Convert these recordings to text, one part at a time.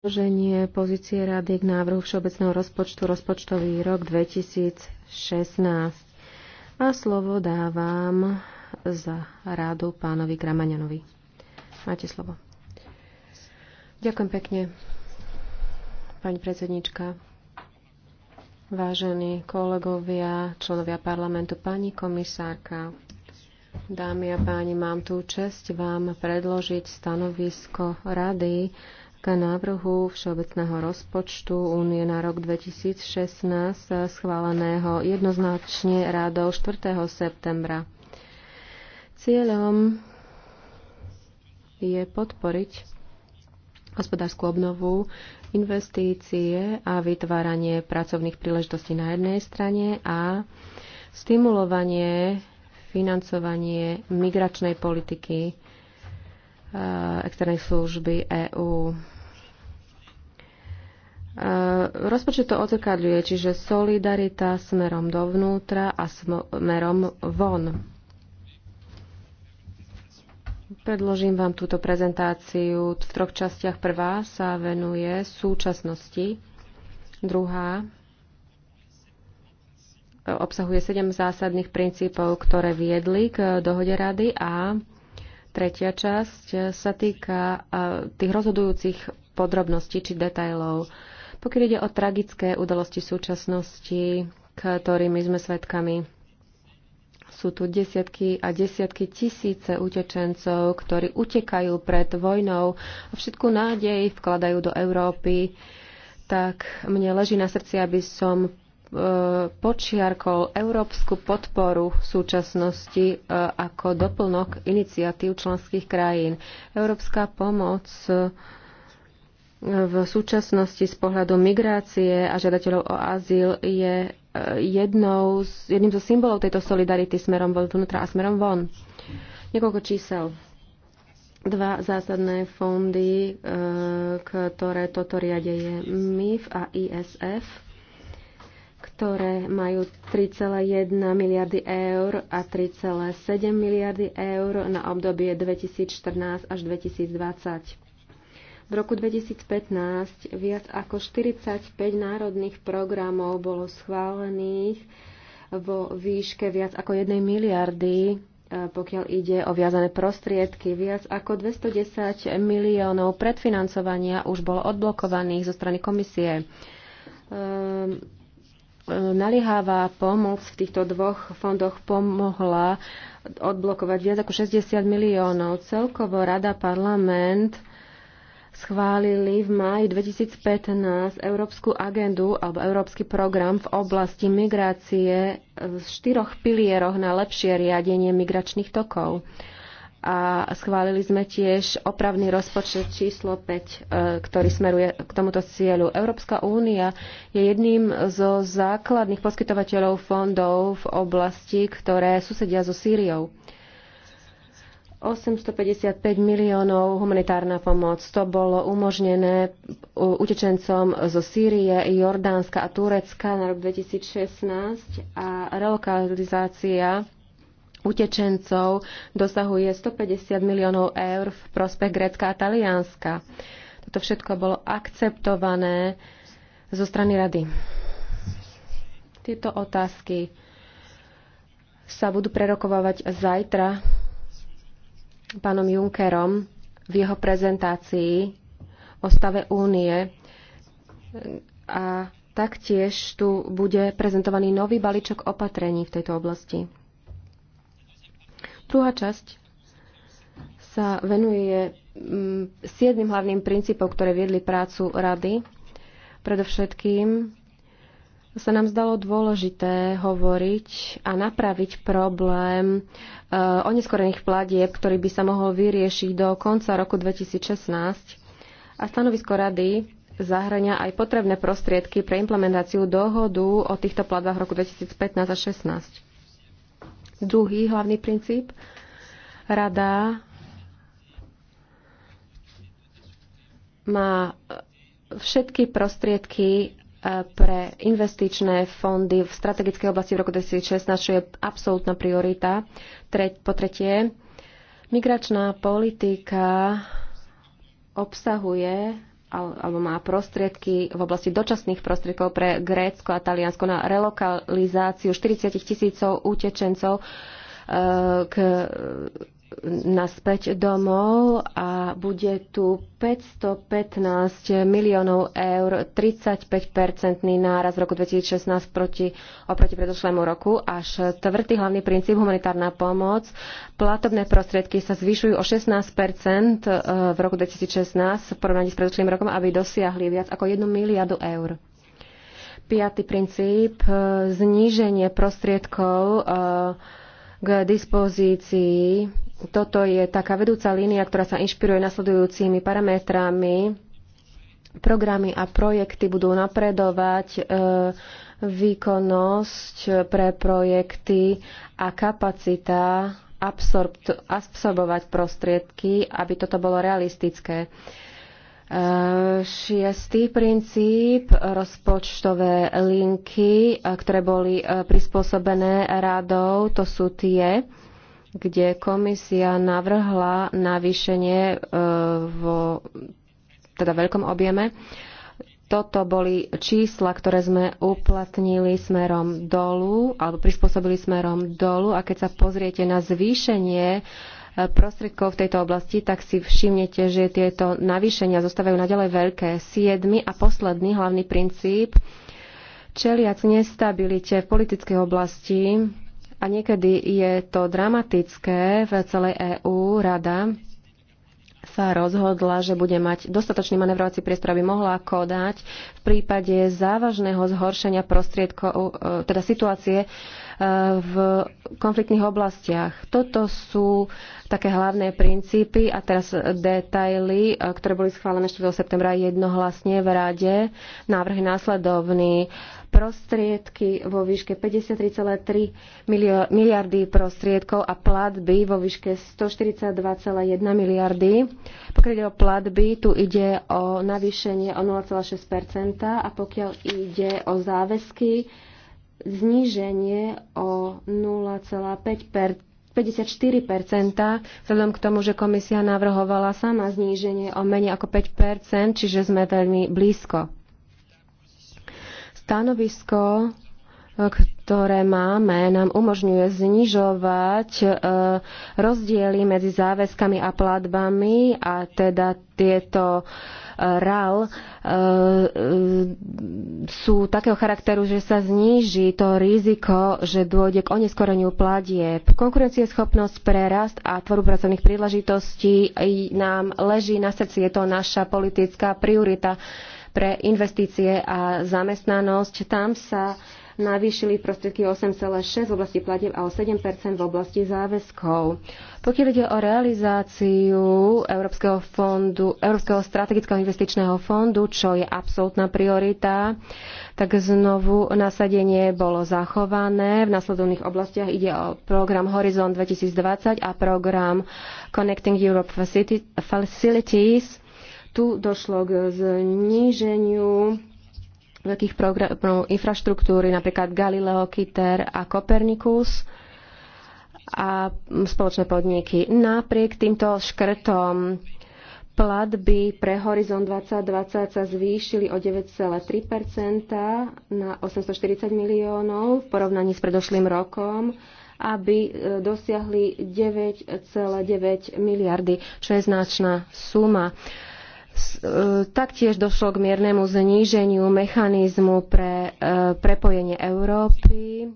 Predloženie pozície rady k návrhu všeobecného rozpočtu rozpočtový rok 2016. A slovo dávam za rádu pánovi Kramaňanovi. Máte slovo. Ďakujem pekne, pani predsednička, vážení kolegovia, členovia parlamentu, pani komisárka, dámy a páni, mám tú čest vám predložiť stanovisko rady k návrhu Všeobecného rozpočtu Únie na rok 2016 schváleného jednoznačne rádou 4. septembra. Cieľom je podporiť hospodárskú obnovu, investície a vytváranie pracovných príležitostí na jednej strane a stimulovanie financovanie migračnej politiky Eh, externej služby EÚ. Eh, rozpočet to odzrkadľuje, čiže solidarita smerom dovnútra a smerom von. Predložím vám túto prezentáciu v troch častiach. Prvá sa venuje súčasnosti, druhá eh, obsahuje sedem zásadných princípov, ktoré viedli k dohode rady a Tretia časť e, sa týka e, tých rozhodujúcich podrobností či detajlov. Pokiaľ ide o tragické udalosti súčasnosti, ktorými sme svedkami, sú tu desiatky a desiatky tisíce utečencov, ktorí utekajú pred vojnou a všetku nádej vkladajú do Európy tak mne leží na srdci, aby som počiarkol európsku podporu v súčasnosti e, ako doplnok iniciatív členských krajín. Európska pomoc e, v súčasnosti z pohľadu migrácie a žiadateľov o azyl je e, jednou z, jedným zo symbolov tejto solidarity smerom vnútra a smerom von. Niekoľko čísel dva zásadné fondy, ktoré toto riade je MIF a ISF ktoré majú 3,1 miliardy eur a 3,7 miliardy eur na obdobie 2014 až 2020. V roku 2015 viac ako 45 národných programov bolo schválených vo výške viac ako 1 miliardy, e, pokiaľ ide o viazané prostriedky. Viac ako 210 miliónov predfinancovania už bolo odblokovaných zo strany komisie. Ehm, naliehavá pomoc v týchto dvoch fondoch pomohla odblokovať viac ako 60 miliónov. Celkovo Rada parlament schválili v máji 2015 Európsku agendu alebo Európsky program v oblasti migrácie v štyroch pilieroch na lepšie riadenie migračných tokov a schválili sme tiež opravný rozpočet číslo 5, e, ktorý smeruje k tomuto cieľu. Európska únia je jedným zo základných poskytovateľov fondov v oblasti, ktoré susedia so Sýriou. 855 miliónov humanitárna pomoc. To bolo umožnené e, utečencom zo Sýrie, Jordánska a Turecka na rok 2016 a relokalizácia utečencov dosahuje 150 miliónov eur v prospech Grécka a Talianska. Toto všetko bolo akceptované zo strany rady. Tieto otázky sa budú prerokovávať zajtra pánom Junckerom v jeho prezentácii o stave únie a taktiež tu bude prezentovaný nový balíček opatrení v tejto oblasti. Druhá časť sa venuje mm, siedmým hlavným princípom, ktoré viedli prácu rady. Predovšetkým sa nám zdalo dôležité hovoriť a napraviť problém e, oneskorených platieb, ktorý by sa mohol vyriešiť do konca roku 2016 a stanovisko rady zahrania aj potrebné prostriedky pre implementáciu dohodu o týchto platbách v roku 2015 a 2016. Druhý hlavný princíp. Rada má všetky prostriedky e, pre investičné fondy v strategickej oblasti v roku 2016, čo je absolútna priorita. Treť, po tretie, migračná politika obsahuje alebo má prostriedky v oblasti dočasných prostriedkov pre Grécko a Taliansko na relokalizáciu 40 tisícov utečencov eh, k naspäť domov a bude tu 515 miliónov eur, 35-percentný náraz v roku 2016 proti, oproti predošlému roku Až tvrtý hlavný princíp humanitárna pomoc. Platobné prostriedky sa zvyšujú o 16 e, v roku 2016 v porovnaní s predošlým rokom, aby dosiahli viac ako 1 miliardu eur. Piatý princíp, e, zníženie prostriedkov e, k dispozícii. Toto je taká vedúca línia, ktorá sa inšpiruje nasledujúcimi parametrami. Programy a projekty budú napredovať e, výkonnosť pre projekty a kapacita absorbovať prostriedky, aby toto bolo realistické. Šiestý princíp, rozpočtové linky, ktoré boli prispôsobené radou, to sú tie, kde komisia navrhla navýšenie e, vo teda veľkom objeme. Toto boli čísla, ktoré sme uplatnili smerom dolu, alebo prispôsobili smerom dolu. A keď sa pozriete na zvýšenie uh, prostriedkov v tejto oblasti, tak si všimnete, že tieto navýšenia zostávajú naďalej veľké. Siedmy a posledný hlavný princíp, čeliac nestabilite v politickej oblasti, a niekedy je to dramatické v celej EÚ, rada sa rozhodla, že bude mať dostatočný manevrovací priestor, aby mohla kodať v prípade závažného zhoršenia prostriedkov, e, teda situácie v konfliktných oblastiach. Toto sú také hlavné princípy a teraz detaily, eh, ktoré boli schválené 4. septembra jednohlasne v Rade. Návrh je následovný. Prostriedky vo výške 53,3 miliardy prostriedkov a platby vo výške 142,1 miliardy. Pokiaľ ide o platby, tu ide o navýšenie o 0,6 a pokiaľ ide o záväzky, zníženie o 0,5 54%, vzhľadom k tomu, že komisia navrhovala sama zníženie o menej ako 5%, čiže sme veľmi blízko. Stanovisko ktoré máme, nám umožňuje znižovať e, rozdiely medzi záväzkami a platbami a teda tieto e, RAL e, sú takého charakteru, že sa zníži to riziko, že dôjde k oneskoreniu platieb. Konkurencieschopnosť pre rast a tvorbu pracovných príležitostí nám leží na srdci. Je to naša politická priorita pre investície a zamestnanosť. Tam sa navýšili prostriedky 8,6 v oblasti platieb a o 7 v oblasti záväzkov. Pokiaľ ide o realizáciu Európskeho, fondu, Európskeho strategického investičného fondu, čo je absolútna priorita, tak znovu nasadenie bolo zachované. V nasledovných oblastiach ide o program Horizon 2020 a program Connecting Europe Facilities. Tu došlo k zníženiu veľkých programov infraštruktúry, napríklad Galileo, Kiter a Copernicus a spoločné podniky. Napriek týmto škrtom platby pre Horizon 2020 sa zvýšili o 9,3 na 840 miliónov v porovnaní s predošlým rokom aby e, dosiahli 9,9 miliardy, čo je značná suma. E, taktiež došlo k miernemu zníženiu mechanizmu pre e, prepojenie Európy.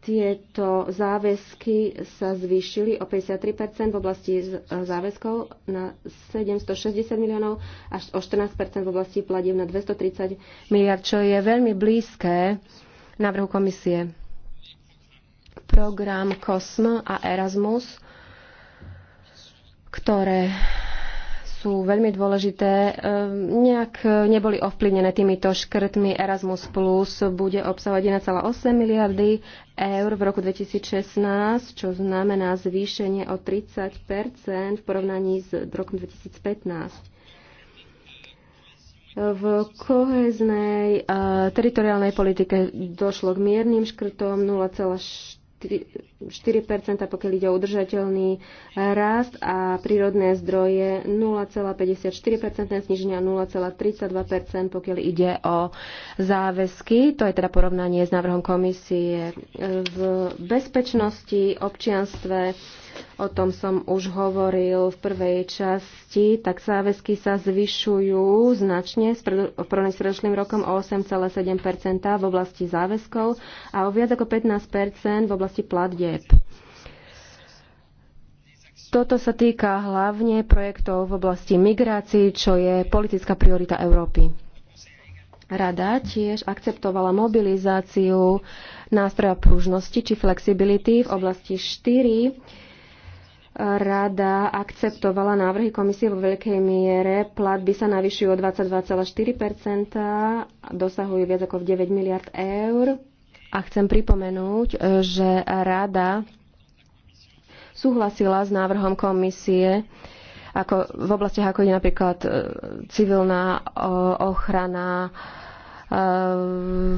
Tieto záväzky sa zvýšili o 53 v oblasti e, záväzkov na 760 miliónov až o 14 v oblasti pladieb na 230 miliard, čo je veľmi blízke návrhu komisie. Program COSM a Erasmus, ktoré sú veľmi dôležité, ehm, nejak e, neboli ovplyvnené týmito škrtmi. Erasmus Plus bude obsahovať 1,8 miliardy eur v roku 2016, čo znamená zvýšenie o 30 v porovnaní s rokom 2015. V koheznej e, teritoriálnej politike došlo k miernym škrtom 0,4 4%, pokiaľ ide o udržateľný rast a prírodné zdroje 0,54%, zniženia 0,32%, pokiaľ ide o záväzky. To je teda porovnanie s návrhom komisie v bezpečnosti, občianstve, o tom som už hovoril v prvej časti, tak záväzky sa zvyšujú značne oproti predošlým rokom o 8,7 v oblasti záväzkov a o viac ako 15 v oblasti platieb. Toto sa týka hlavne projektov v oblasti migrácií, čo je politická priorita Európy. Rada tiež akceptovala mobilizáciu nástroja pružnosti či flexibility v oblasti 4 rada akceptovala návrhy komisie vo veľkej miere. Platby sa navyšujú o 22,4%, dosahujú viac ako 9 miliard eur. A chcem pripomenúť, že rada súhlasila s návrhom komisie ako, v oblastiach ako je napríklad e, civilná ochrana, e,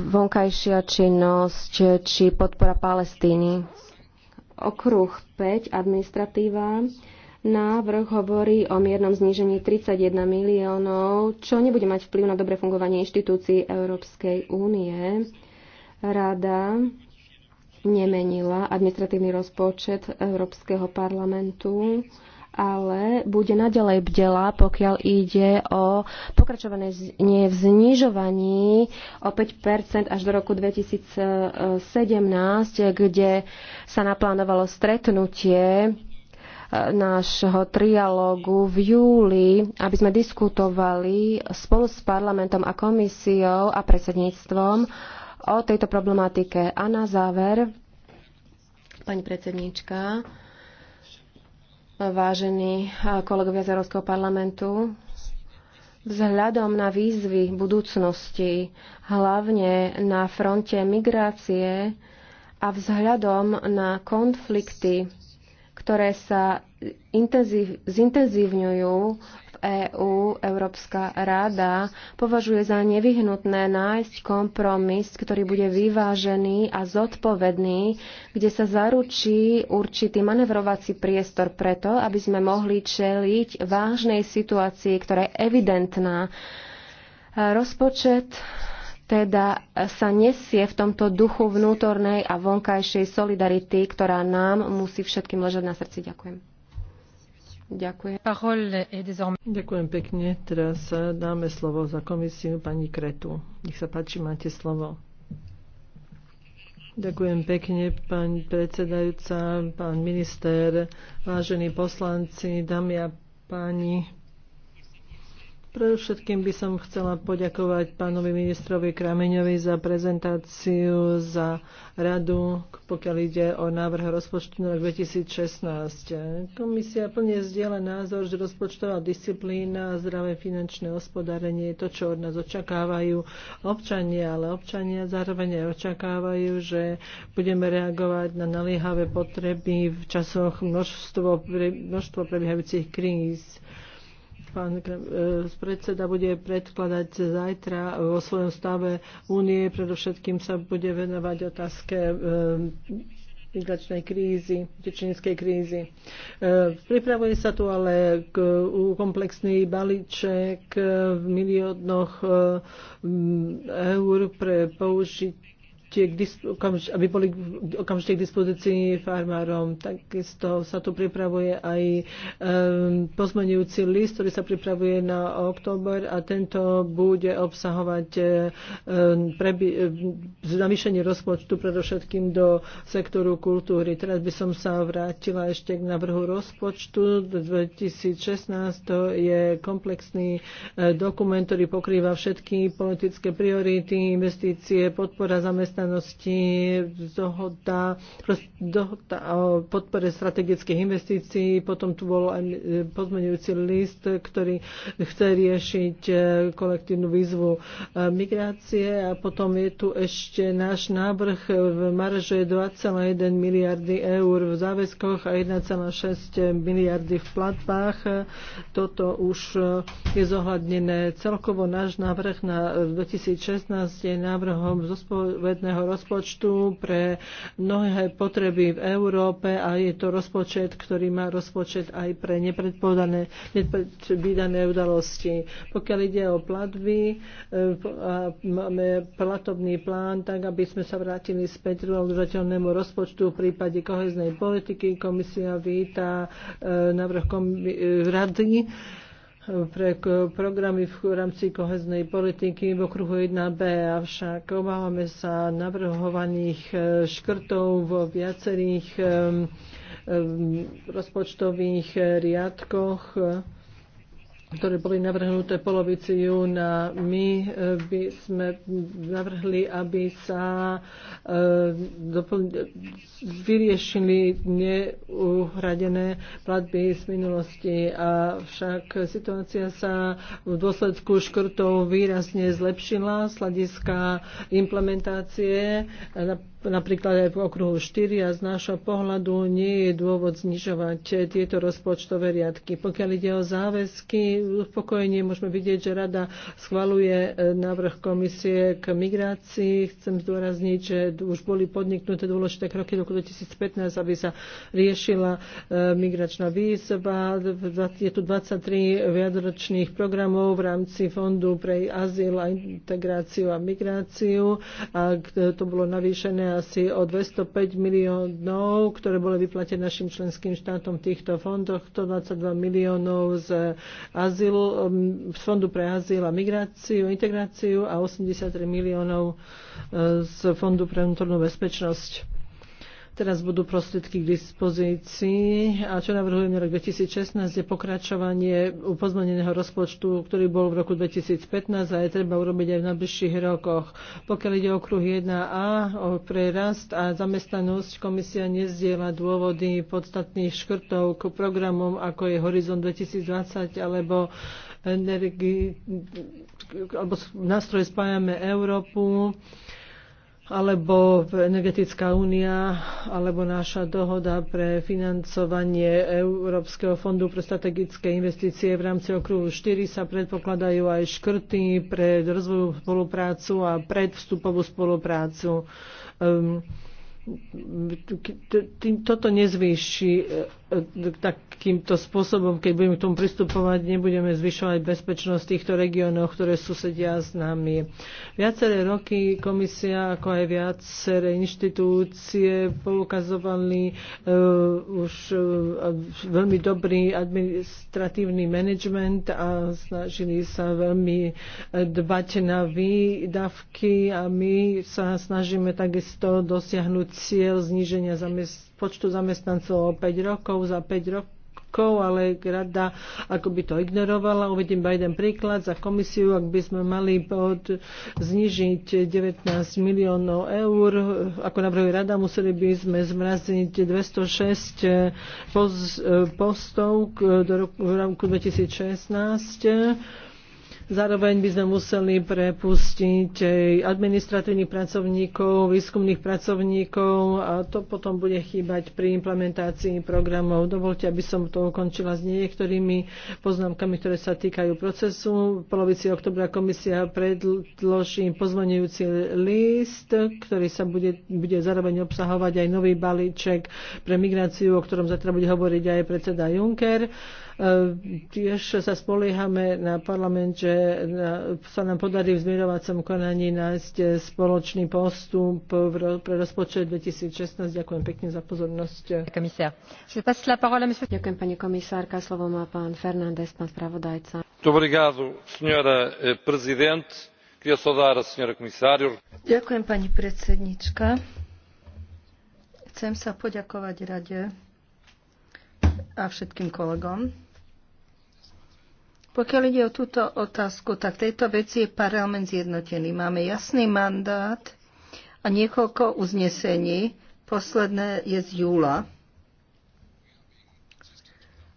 vonkajšia činnosť či podpora Palestíny okruh 5, administratíva, návrh hovorí o miernom znížení 31 miliónov, čo nebude mať vplyv na dobre fungovanie inštitúcií Európskej únie. Rada nemenila administratívny rozpočet Európskeho parlamentu ale bude naďalej bdela, pokiaľ ide o pokračované znie v znižovaní o 5 až do roku 2017, kde sa naplánovalo stretnutie eh, nášho trialógu v júli, aby sme diskutovali spolu s parlamentom a komisiou a predsedníctvom o tejto problematike. A na záver, pani predsedníčka, vážení kolegovia z Európskeho parlamentu. Vzhľadom na výzvy budúcnosti, hlavne na fronte migrácie a vzhľadom na konflikty, ktoré sa intenzív, zintenzívňujú EÚ, EU, Európska rada, považuje za nevyhnutné nájsť kompromis, ktorý bude vyvážený a zodpovedný, kde sa zaručí určitý manevrovací priestor preto, aby sme mohli čeliť vážnej situácii, ktorá je evidentná. Rozpočet teda sa nesie v tomto duchu vnútornej a vonkajšej solidarity, ktorá nám musí všetkým ležať na srdci. Ďakujem. Ďakujem. Ďakujem pekne. Teraz eh, dáme slovo za komisiu pani Kretu. Nech sa páči, máte slovo. Ďakujem pekne, pani predsedajúca, pán minister, vážení poslanci, dámy a páni. Pre všetkým by som chcela poďakovať pánovi ministrovi Krameňovi za prezentáciu, za radu, pokiaľ ide o návrh rozpočtu na 2016. Komisia plne zdieľa názor, že rozpočtová disciplína a zdravé finančné hospodárenie je to, čo od nás očakávajú občania, ale občania zároveň aj očakávajú, že budeme reagovať na naliehavé potreby v časoch množstvo, množstvo prebiehajúcich kríz Pán e, predseda bude predkladať zajtra vo svojom stave únie. Predovšetkým sa bude venovať otázke e, migračnej krízy, tečinskej krízy. E, pripravuje sa tu ale k, komplexný balíček v miliónoch eur pre použitie aby boli okamžite k dispozícii farmárom. Takisto sa tu pripravuje aj ehm, pozmenujúci list, ktorý sa pripravuje na október a tento bude obsahovať zamýšenie ehm, ehm, rozpočtu predovšetkým do sektoru kultúry. Teraz by som sa vrátila ešte k návrhu rozpočtu 2016. To je komplexný eh, dokument, ktorý pokrýva všetky politické priority, investície, podpora zamestnanosti zamestnanosti, dohoda, dohoda o podpore strategických investícií, potom tu bol aj e, pozmenujúci list, ktorý chce riešiť e, kolektívnu výzvu e, migrácie a potom je tu ešte náš návrh v marže 2,1 miliardy eur v záväzkoch a 1,6 miliardy v platbách. Toto už je zohľadnené. Celkovo náš návrh na 2016 je návrhom zospovedného štátneho rozpočtu pre mnohé potreby v Európe a je to rozpočet, ktorý má rozpočet aj pre nepredpovedané, nepredvídané udalosti. Pokiaľ ide o platby, e, máme platobný plán tak, aby sme sa vrátili späť k udržateľnému rozpočtu v prípade koheznej politiky. Komisia víta e, návrh e, rady pre programy v rámci koheznej politiky v okruhu 1b, avšak obávame sa navrhovaných e, škrtov vo viacerých e, e, rozpočtových riadkoch ktoré boli navrhnuté polovici júna. My eh, by sme navrhli, aby sa eh, vyriešili neuhradené platby z minulosti. Avšak situácia sa v dôsledku škrtov výrazne zlepšila z hľadiska implementácie napríklad aj v okruhu 4 a z nášho pohľadu nie je dôvod znižovať tieto rozpočtové riadky. Pokiaľ ide o záväzky, upokojenie môžeme vidieť, že rada schvaluje e, návrh komisie k migrácii. Chcem zdôrazniť, že už boli podniknuté dôležité kroky do roku 2015, aby sa riešila e, migračná výzva. Je tu 23 viadročných programov v rámci Fondu pre azyl a integráciu a migráciu. A to bolo navýšené asi o 205 miliónov, ktoré boli vyplatené našim členským štátom v týchto fondoch, 122 miliónov z, azyl, um, z Fondu pre azyl a migráciu, integráciu a 83 miliónov uh, z Fondu pre vnútornú bezpečnosť. Teraz budú prostriedky k dispozícii a čo navrhujeme rok 2016 je pokračovanie upozmeneného rozpočtu, ktorý bol v roku 2015 a je treba urobiť aj v najbližších rokoch. Pokiaľ ide o kruh 1a, o prerast a zamestnanosť, komisia nezdiela dôvody podstatných škrtov k programom ako je Horizon 2020 alebo energii, alebo nástroj Spájame Európu alebo Energetická únia, alebo naša dohoda pre financovanie Európskeho fondu pre strategické investície v rámci okruhu 4 sa predpokladajú aj škrty pre rozvojovú spoluprácu a predvstupovú spoluprácu. Ehm, toto nezvýši E, takýmto spôsobom, keď budeme k tomu pristupovať, nebudeme zvyšovať bezpečnosť v týchto regiónoch, ktoré susedia s nami. Viaceré roky komisia, ako aj viaceré inštitúcie poukazovali uh, e, už uh, veľmi dobrý administratívny management a snažili sa veľmi dbať na výdavky a my sa snažíme takisto dosiahnuť cieľ zníženia zamestnanosti počtu zamestnancov o 5 rokov za 5 rokov ale rada ako by to ignorovala. uvidím iba jeden príklad za komisiu, ak by sme mali pod, znižiť 19 miliónov eur, ako navrhuje rada, museli by sme zmraziť 206 eh, post, eh, postov do roku, roku 2016 Zároveň by sme museli prepustiť administratívnych pracovníkov, výskumných pracovníkov a to potom bude chýbať pri implementácii programov. Dovolte, aby som to ukončila s niektorými poznámkami, ktoré sa týkajú procesu. V polovici oktobra komisia predloží pozvonujúci list, ktorý sa bude, bude zároveň obsahovať aj nový balíček pre migráciu, o ktorom zatiaľ bude hovoriť aj predseda Juncker Tiež sa spoliehame na parlament, že sa nám podarí v zmierovacom konaní nájsť spoločný postup pre rozpočet 2016. Ďakujem pekne za pozornosť. Ďakujem pani komisárka. Slovo má pán Fernández, pán spravodajca. Eh, Ďakujem pani predsednička. Chcem sa poďakovať rade a všetkým kolegom. Pokiaľ ide o túto otázku, tak tejto veci je parlament zjednotený. Máme jasný mandát a niekoľko uznesení. Posledné je z júla.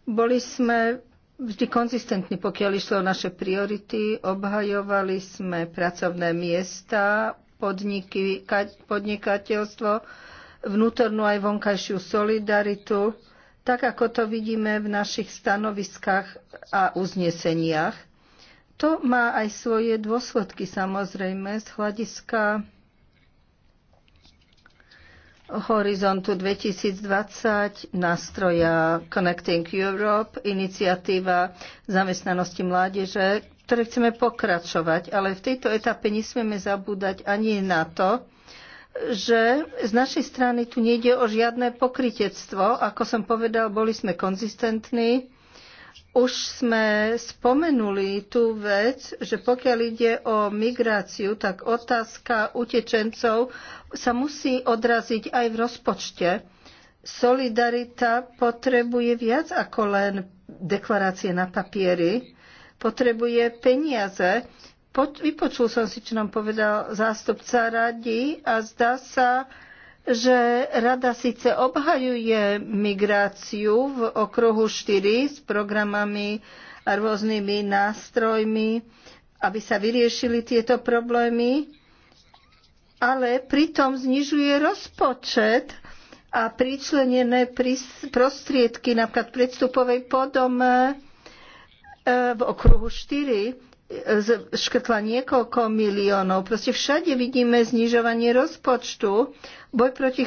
Boli sme vždy konzistentní, pokiaľ išlo o naše priority. Obhajovali sme pracovné miesta, podniky, podnikateľstvo, vnútornú aj vonkajšiu solidaritu tak ako to vidíme v našich stanoviskách a uzneseniach. To má aj svoje dôsledky samozrejme z hľadiska horizontu 2020, nástroja Connecting Europe, iniciatíva zamestnanosti mládeže, ktoré chceme pokračovať. Ale v tejto etape nesmieme zabúdať ani na to, že z našej strany tu nejde o žiadne pokritectvo. Ako som povedal, boli sme konzistentní. Už sme spomenuli tú vec, že pokiaľ ide o migráciu, tak otázka utečencov sa musí odraziť aj v rozpočte. Solidarita potrebuje viac ako len deklarácie na papiery, Potrebuje peniaze. Vypočul som si, čo nám povedal zástupca rady a zdá sa, že rada síce obhajuje migráciu v okruhu 4 s programami a rôznymi nástrojmi, aby sa vyriešili tieto problémy, ale pritom znižuje rozpočet a pričlenené prostriedky napríklad predstupovej podome e, v okruhu 4 škrtla niekoľko miliónov. Proste všade vidíme znižovanie rozpočtu. Boj proti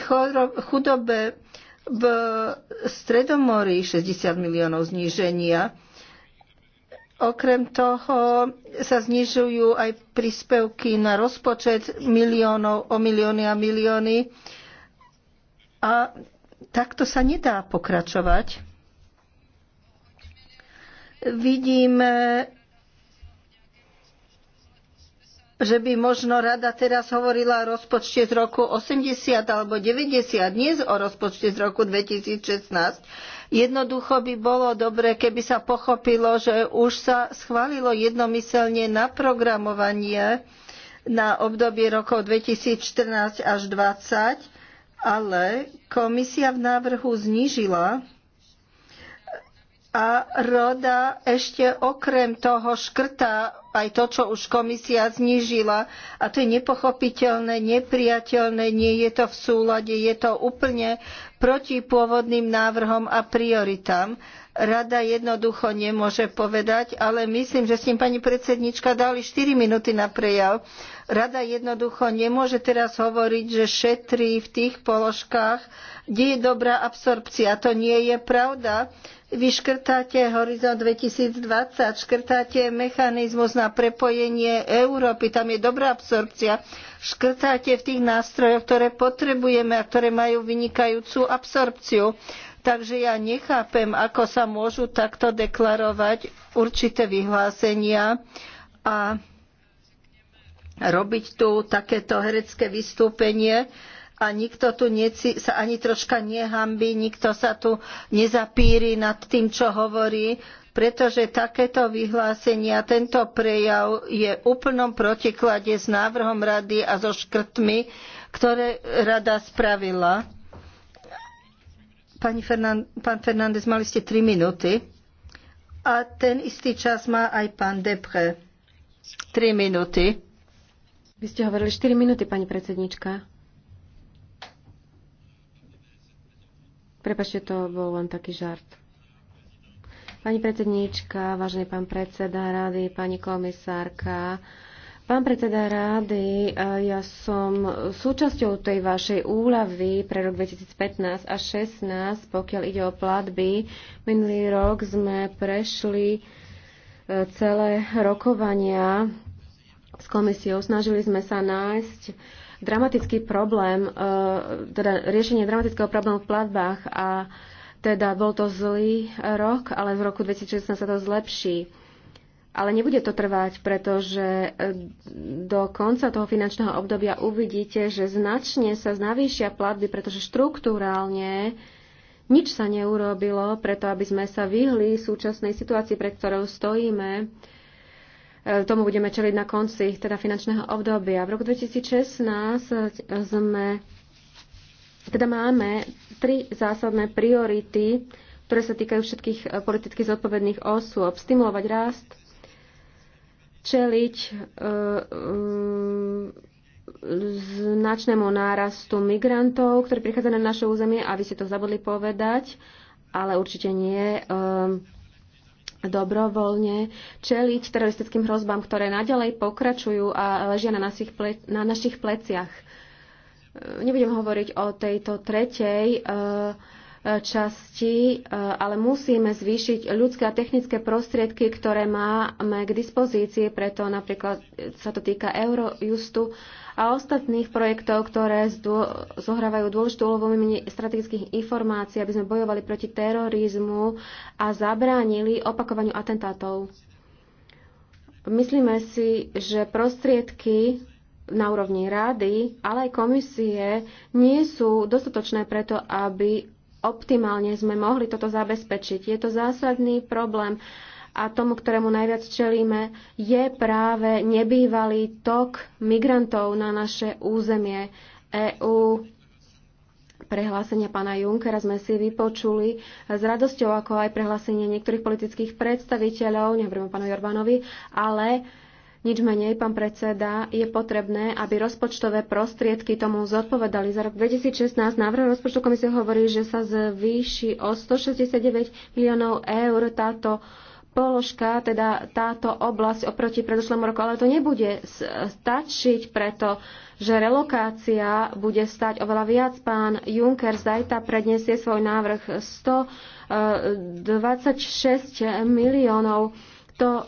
chudobe v Stredomorí 60 miliónov zníženia. Okrem toho sa znižujú aj príspevky na rozpočet miliónov, o milióny a milióny. A takto sa nedá pokračovať. Vidíme že by možno rada teraz hovorila o rozpočte z roku 80 alebo 90, nie o rozpočte z roku 2016. Jednoducho by bolo dobre, keby sa pochopilo, že už sa schválilo jednomyselne na programovanie na obdobie rokov 2014 až 2020, ale komisia v návrhu znížila a Roda ešte okrem toho škrta aj to, čo už komisia znížila. A to je nepochopiteľné, neprijateľné, nie je to v súlade, je to úplne proti pôvodným návrhom a prioritám. Rada jednoducho nemôže povedať, ale myslím, že s tým pani predsednička dali 4 minúty na prejav. Rada jednoducho nemôže teraz hovoriť, že šetrí v tých položkách, kde je dobrá absorpcia. To nie je pravda. Vy škrtáte Horizont 2020, škrtáte mechanizmus na prepojenie Európy, tam je dobrá absorpcia, škrtáte v tých nástrojoch, ktoré potrebujeme a ktoré majú vynikajúcu absorpciu. Takže ja nechápem, ako sa môžu takto deklarovať určité vyhlásenia a robiť tu takéto herecké vystúpenie, a nikto tu neci, sa ani troška nehambí, nikto sa tu nezapíri nad tým, čo hovorí, pretože takéto vyhlásenia, tento prejav je v úplnom protiklade s návrhom rady a so škrtmi, ktoré rada spravila. Fernand, pán Fernández, mali ste tri minúty. A ten istý čas má aj pán Depre. Tri minúty. Vy ste hovorili 4 minúty, pani predsednička. Prepačte, to bol len taký žart. Pani predsedníčka, vážený pán predseda rady, pani komisárka, Pán predseda rady, eh, ja som súčasťou tej vašej úľavy pre rok 2015 a 2016, pokiaľ ide o platby. Minulý rok sme prešli eh, celé rokovania s komisiou. Snažili sme sa nájsť dramatický problém, e, teda riešenie dramatického problému v platbách a teda bol to zlý rok, ale v roku 2016 sa to zlepší. Ale nebude to trvať, pretože e, do konca toho finančného obdobia uvidíte, že značne sa navýšia platby, pretože štruktúrálne nič sa neurobilo, preto aby sme sa vyhli súčasnej situácii, pre ktorou stojíme. E, tomu budeme čeliť na konci teda finančného obdobia. V roku 2016 sme, teda máme tri zásadné priority, ktoré sa týkajú všetkých e, politicky zodpovedných osôb. Stimulovať rast, čeliť e, značnému nárastu migrantov, ktorí prichádzajú na naše územie, a vy ste to zabudli povedať, ale určite nie um, dobrovoľne čeliť teroristickým hrozbám, ktoré naďalej pokračujú a ležia na našich, ple- na našich pleciach. E, nebudem hovoriť o tejto tretej. Uh, časti, eh, ale musíme zvýšiť ľudské a technické prostriedky, ktoré máme k dispozícii, preto napríklad sa to týka Eurojustu a ostatných projektov, ktoré zohrávajú dôležitú úlohu strategických informácií, aby sme bojovali proti terorizmu a zabránili opakovaniu atentátov. Myslíme si, že prostriedky na úrovni rady, ale aj komisie nie sú dostatočné preto, aby optimálne sme mohli toto zabezpečiť. Je to zásadný problém a tomu, ktorému najviac čelíme, je práve nebývalý tok migrantov na naše územie EÚ. Prehlásenia pána Junkera sme si vypočuli s radosťou, ako aj prehlásenie niektorých politických predstaviteľov, nehovorím o pánu Jorbanovi, ale uh, nič menej, pán predseda, je potrebné, aby rozpočtové prostriedky tomu zodpovedali. Za rok 2016 návrh rozpočtu komisie hovorí, že sa zvýši o 169 miliónov eur táto položka, teda táto oblasť oproti predošlému roku, ale to nebude stačiť, preto že relokácia bude stať oveľa viac. Pán Juncker zajta predniesie svoj návrh 126 e, miliónov. To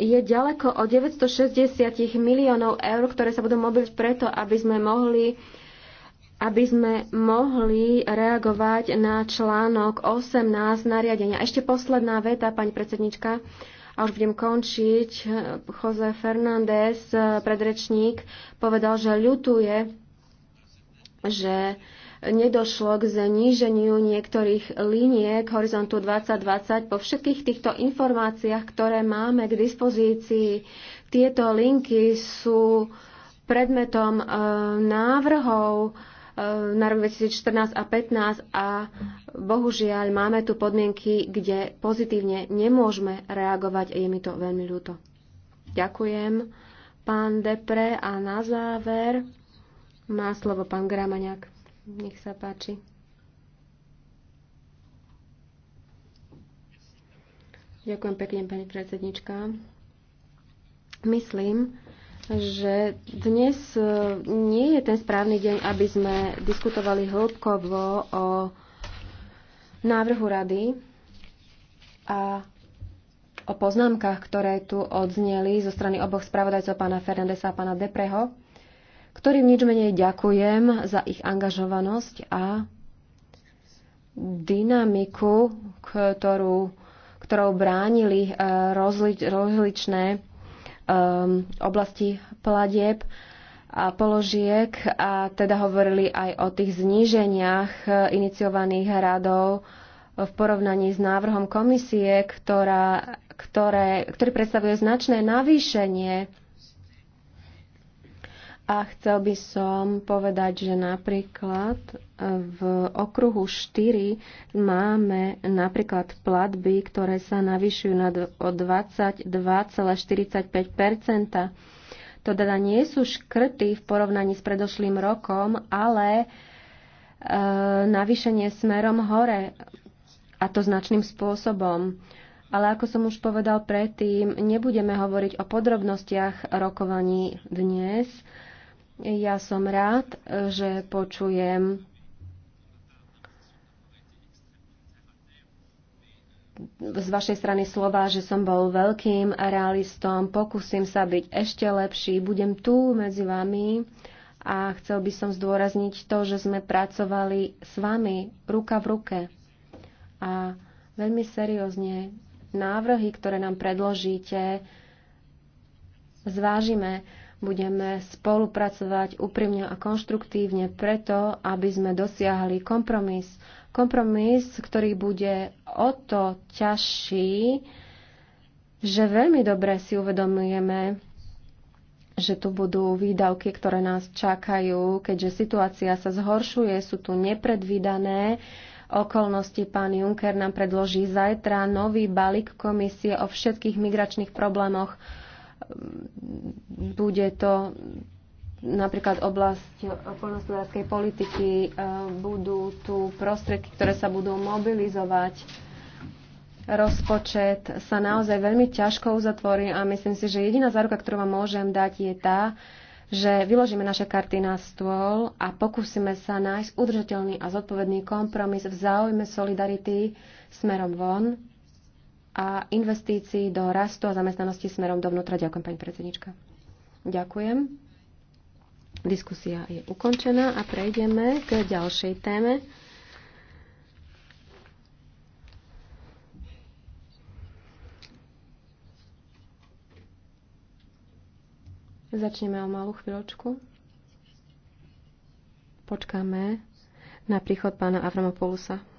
je ďaleko od 960 miliónov eur, ktoré sa budú mobiliť preto, aby sme mohli aby sme mohli reagovať na článok 18 nariadenia. Ešte posledná veta, pani predsednička, a už budem končiť. Jose Fernández, predrečník, povedal, že ľutuje, že nedošlo k zníženiu niektorých liniek Horizontu 2020. Po všetkých týchto informáciách, ktoré máme k dispozícii, tieto linky sú predmetom e, návrhov e, na rok 2014 a 2015 a bohužiaľ máme tu podmienky, kde pozitívne nemôžeme reagovať a je mi to veľmi ľúto. Ďakujem, pán Depre. A na záver má slovo pán Gramaňák. Nech sa páči. Ďakujem pekne, pani predsednička. Myslím, že dnes e, nie je ten správny deň, aby sme diskutovali hĺbkovo o návrhu rady a o poznámkach, ktoré tu odzneli zo strany oboch spravodajcov pána Fernandesa a pána Depreho ktorým nič menej ďakujem za ich angažovanosť a dynamiku, ktorú, ktorou bránili e, rozli, rozličné um, oblasti pladieb a položiek a teda hovorili aj o tých zníženiach e, iniciovaných radov v porovnaní s návrhom komisie, ktorá, ktoré, ktorý predstavuje značné navýšenie a chcel by som povedať, že napríklad v okruhu 4 máme napríklad platby, ktoré sa navyšujú na, o 22,45 To teda nie sú škrty v porovnaní s predošlým rokom, ale e, navýšenie smerom hore a to značným spôsobom. Ale ako som už povedal predtým, nebudeme hovoriť o podrobnostiach rokovaní dnes, ja som rád, že počujem z vašej strany slova, že som bol veľkým realistom, pokúsim sa byť ešte lepší, budem tu medzi vami a chcel by som zdôrazniť to, že sme pracovali s vami ruka v ruke a veľmi seriózne návrhy, ktoré nám predložíte, zvážime. Budeme spolupracovať úprimne a konštruktívne preto, aby sme dosiahli kompromis. Kompromis, ktorý bude o to ťažší, že veľmi dobre si uvedomujeme, že tu budú výdavky, ktoré nás čakajú, keďže situácia sa zhoršuje, sú tu nepredvídané okolnosti. Pán Juncker nám predloží zajtra nový balík komisie o všetkých migračných problémoch bude to napríklad oblasť poľnohospodárskej politiky, e, budú tu prostriedky, ktoré sa budú mobilizovať. Rozpočet sa naozaj veľmi ťažko uzatvorí a myslím si, že jediná záruka, ktorú vám môžem dať, je tá, že vyložíme naše karty na stôl a pokúsime sa nájsť udržateľný a zodpovedný kompromis v záujme solidarity smerom von a investícií do rastu a zamestnanosti smerom dovnútra. Ďakujem, pani predsednička. Ďakujem. Diskusia je ukončená a prejdeme k ďalšej téme. Začneme o malú chvíľočku. Počkáme na príchod pána Avramopoulosa.